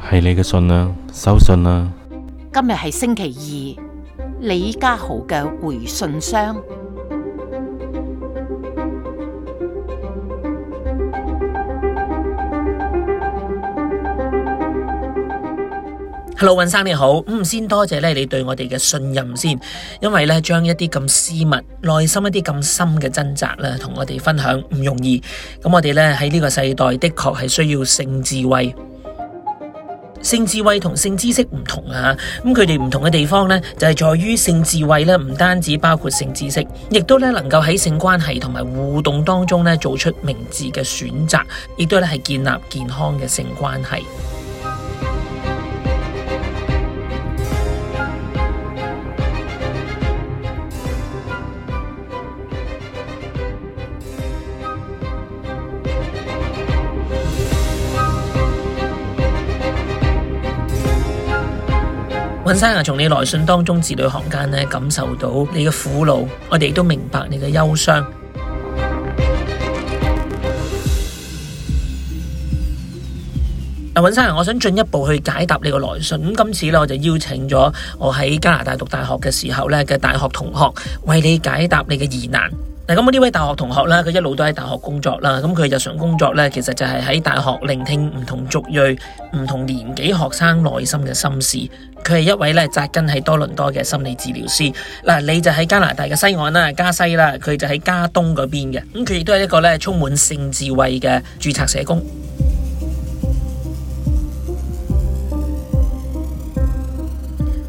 係你嘅信啊，收信啦、啊。今日係星期二，李家豪嘅回信箱。老尹生你好，嗯，先多謝咧你對我哋嘅信任先，因為咧將一啲咁私密、內心一啲咁深嘅掙扎咧，同我哋分享唔容易。咁我哋咧喺呢個世代的確係需要性智慧，性智慧同性知識唔同啊。咁佢哋唔同嘅地方咧，就係在於性智慧咧，唔單止包括性知識，亦都咧能夠喺性關係同埋互動當中咧，做出明智嘅選擇，亦都咧係建立健康嘅性關係。尹生啊，從你來信當中字裏行間呢，感受到你嘅苦惱，我哋亦都明白你嘅憂傷。尹生啊，我想進一步去解答你嘅來信。咁今次呢，我就邀請咗我喺加拿大讀大學嘅時候呢嘅大學同學為你解答你嘅疑難。嗱，咁我呢位大學同學呢，佢一路都喺大學工作啦，咁佢日常工作呢，其實就係喺大學聆聽唔同族裔、唔同年紀學生內心嘅心事。佢係一位呢紮根喺多倫多嘅心理治療師。嗱，你就喺加拿大嘅西岸啦，加西啦，佢就喺加東嗰邊嘅，咁佢亦都係一個呢充滿性智慧嘅註冊社工。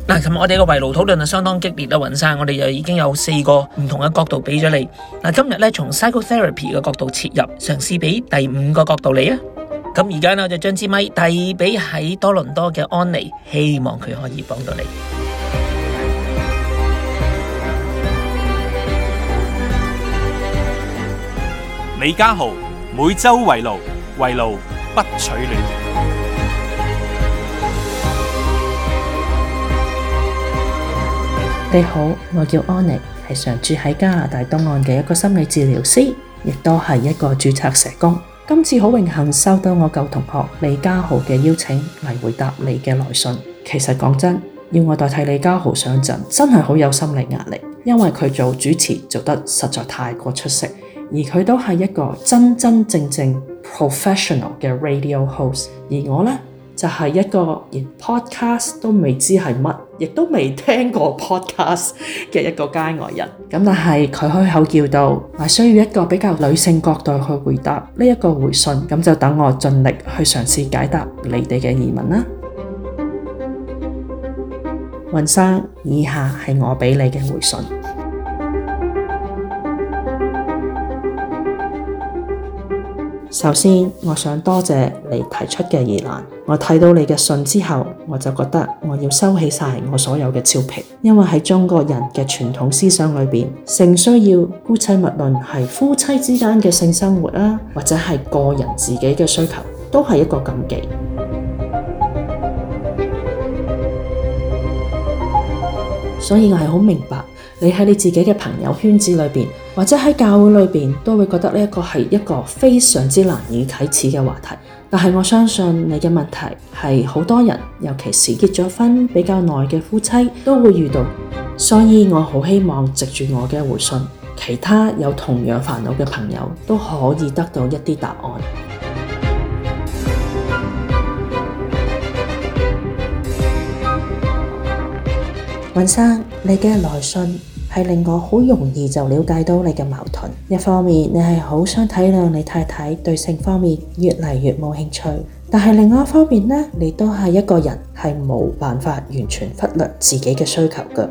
嗱，噚日我哋嘅圍爐討論啊，相當激烈啦，雲生，我哋就已經有四個唔同嘅角度俾咗你。嗱，今日咧從 psychotherapy 嘅角度切入，嘗試俾第五個角度你啊。咁而家我就將支咪遞俾喺多倫多嘅安妮，希望佢可以幫到你。李家豪每周圍爐，圍爐不取暖。你好，我叫安妮，係常住喺加拿大東岸嘅一個心理治療師，亦都係一個注冊社工。今次好榮幸收到我舊同學李家豪嘅邀請嚟，回答你嘅來信。其實講真的，要我代替李家豪上陣，真係好有心理壓力，因為佢做主持做得實在太過出色，而佢都係一個真真正正 professional 嘅 radio host，而我呢。就係一個連 podcast 都未知係乜，亦都未聽過 podcast 嘅一個街外人。咁但係佢開口叫道，需要一個比較女性角度去回答呢一個回信。咁就等我盡力去嘗試解答你哋嘅疑問啦，雲生。以下係我俾你嘅回信。首先，我想多謝你提出嘅疑難。我睇到你嘅信之後，我就覺得我要收起晒我所有嘅俏皮。因為喺中國人嘅傳統思想裏邊，性需要夫妻無論係夫妻之間嘅性生活啦，或者係個人自己嘅需求，都係一個禁忌。所以我係好明白。你喺你自己嘅朋友圈子裏邊，或者喺教會裏邊，都會覺得呢一個係一個非常之難以啟齒嘅話題。但係我相信你嘅問題係好多人，尤其是結咗婚比較耐嘅夫妻都會遇到。所以我好希望藉住我嘅回信，其他有同樣煩惱嘅朋友都可以得到一啲答案。雲生，你嘅來信。係令我好容易就了解到你嘅矛盾。一方面，你係好想體諒你太太對性方面越嚟越冇興趣，但係另外一方面呢，你都係一個人係冇辦法完全忽略自己嘅需求嘅。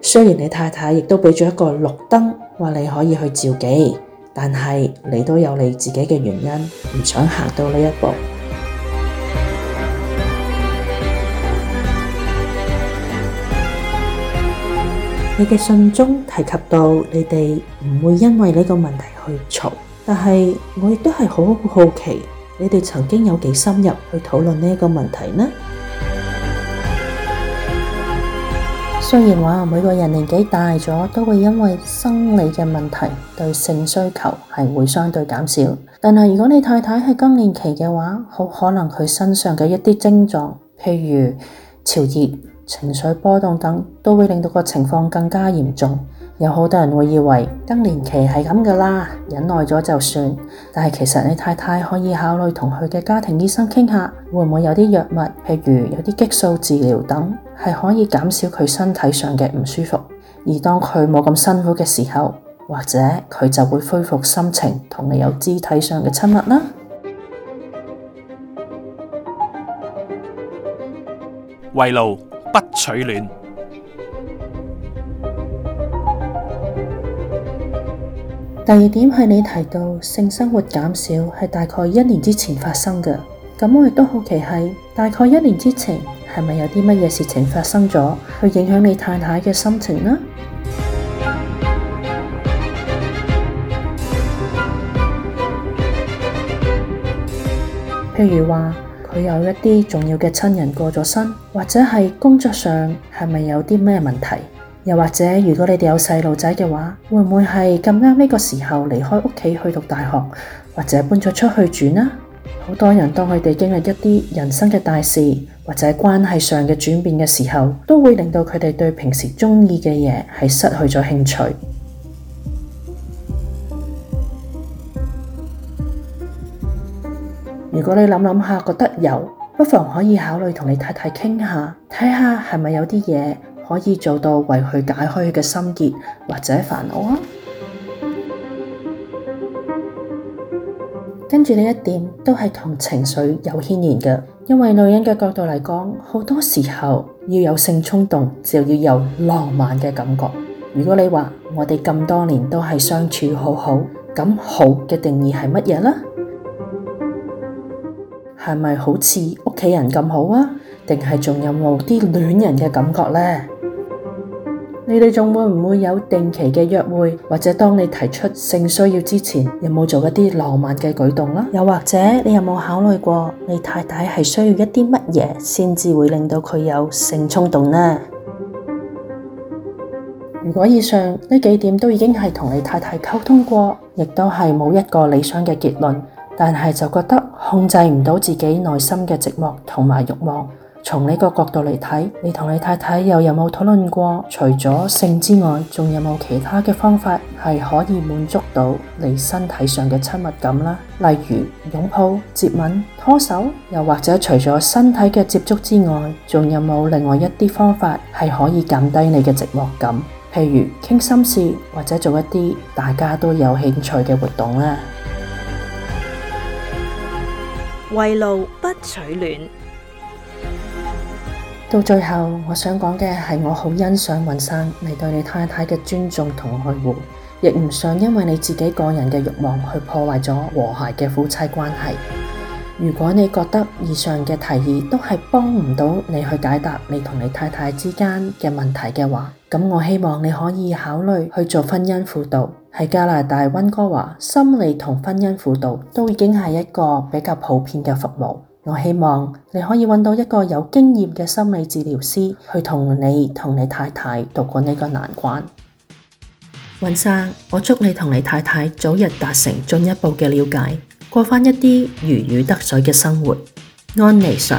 雖然你太太亦都俾咗一個綠燈，話你可以去召妓，但係你都有你自己嘅原因，唔想行到呢一步。你嘅信中提及到你哋唔會因為呢個問題去嘈，但係我亦都係好好奇，你哋曾經有幾深入去討論呢一個問題呢？雖然話每個人年紀大咗都會因為生理嘅問題對性需求係會相對減少，但係如果你太太係更年期嘅話，好可能佢身上嘅一啲症狀，譬如潮熱。情緒波動等都會令到個情況更加嚴重。有好多人會以為更年期係咁㗎啦，忍耐咗就算。但係其實你太太可以考慮同佢嘅家庭醫生傾下，會唔會有啲藥物，譬如有啲激素治療等，係可以減少佢身體上嘅唔舒服。而當佢冇咁辛苦嘅時候，或者佢就會恢復心情，同你有肢體上嘅親密啦。慰勞。不取暖。第二點係你提到性生活減少係大概一年之前發生嘅，咁我亦都好奇係大概一年之前係咪有啲乜嘢事情發生咗去影響你太太嘅心情呢？譬如話。佢有一啲重要嘅親人過咗身，或者係工作上係咪有啲咩問題？又或者如果你哋有細路仔嘅話，會唔會係咁啱呢個時候離開屋企去讀大學，或者搬咗出去住呢？好多人當佢哋經歷一啲人生嘅大事，或者關係上嘅轉變嘅時候，都會令到佢哋對平時中意嘅嘢係失去咗興趣。如果你諗諗下覺得有，不妨可以考慮同你太太傾下，睇下係咪有啲嘢可以做到為佢解開佢嘅心結或者煩惱啊。跟住呢一點都係同情緒有牽連嘅，因為女人嘅角度嚟講，好多時候要有性衝動就要有浪漫嘅感覺。如果你話我哋咁多年都係相處好好，咁好嘅定義係乜嘢呢？係咪好似屋企人咁好啊？定係仲有冇啲戀人嘅感覺呢？你哋仲會唔會有定期嘅約會？或者當你提出性需要之前，有冇做一啲浪漫嘅舉動啦？又或者你有冇考慮過你太太係需要一啲乜嘢，先至會令到佢有性衝動呢？如果以上呢幾點都已經係同你太太溝通過，亦都係冇一個理想嘅結論，但係就覺得。控制唔到自己內心嘅寂寞同埋慾望，從呢個角度嚟睇，你同你太太又有冇討論過？除咗性之外，仲有冇其他嘅方法係可以滿足到你身體上嘅親密感啦？例如擁抱、接吻、拖手，又或者除咗身體嘅接觸之外，仲有冇另外一啲方法係可以減低你嘅寂寞感？譬如傾心事或者做一啲大家都有興趣嘅活動呢。為路不取暖，到最後我想講嘅係我好欣賞雲生你對你太太嘅尊重同愛護，亦唔想因為你自己個人嘅欲望去破壞咗和諧嘅夫妻關係。如果你覺得以上嘅提議都係幫唔到你去解答你同你太太之間嘅問題嘅話，咁我希望你可以考慮去做婚姻輔導，喺加拿大溫哥華，心理同婚姻輔導都已經係一個比較普遍嘅服務。我希望你可以揾到一個有經驗嘅心理治療師去同你同你太太度過呢個難關。雲生，我祝你同你太太早日達成進一步嘅了解，過翻一啲如魚得水嘅生活。安妮想。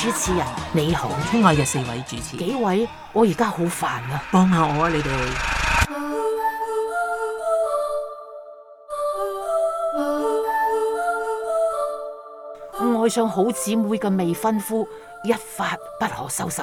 主持人，你好，聽日有四位主持，幾位？我而家好煩啊，幫下我啊，你哋！愛上好姊妹嘅未婚夫，一發不可收拾。